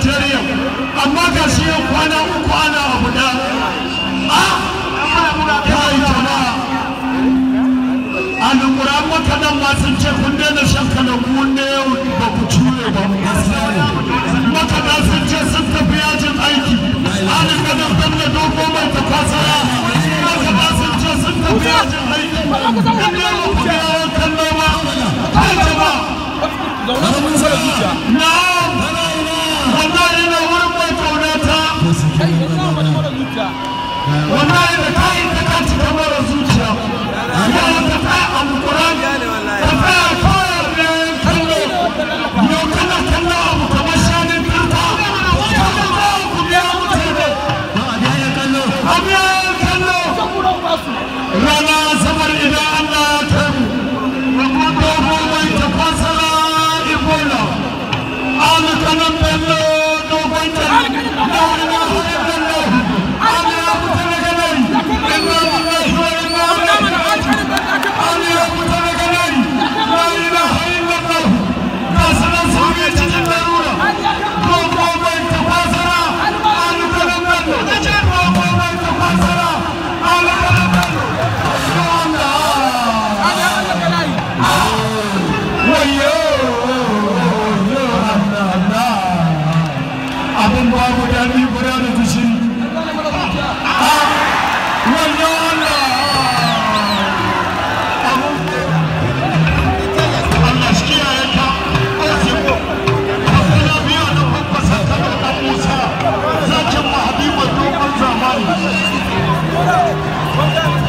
secretariat amma ga shi yau kwana uku ana abu da a kai jama'a alƙur'an ma sun ce kun daina shan kalangu ne ba ku cire ba gaskiya wallahi da ta yi ta kanci ta mara zuciya ya ta ta alquran ta ta koyar da kallo yau kana kallo abu kamar shanin karta kallo ba ku biya mutane abu ya kallo abu ya kallo rana zamar idan Allah ya kai mu dogo mai tafasara ibola an kanan Come down.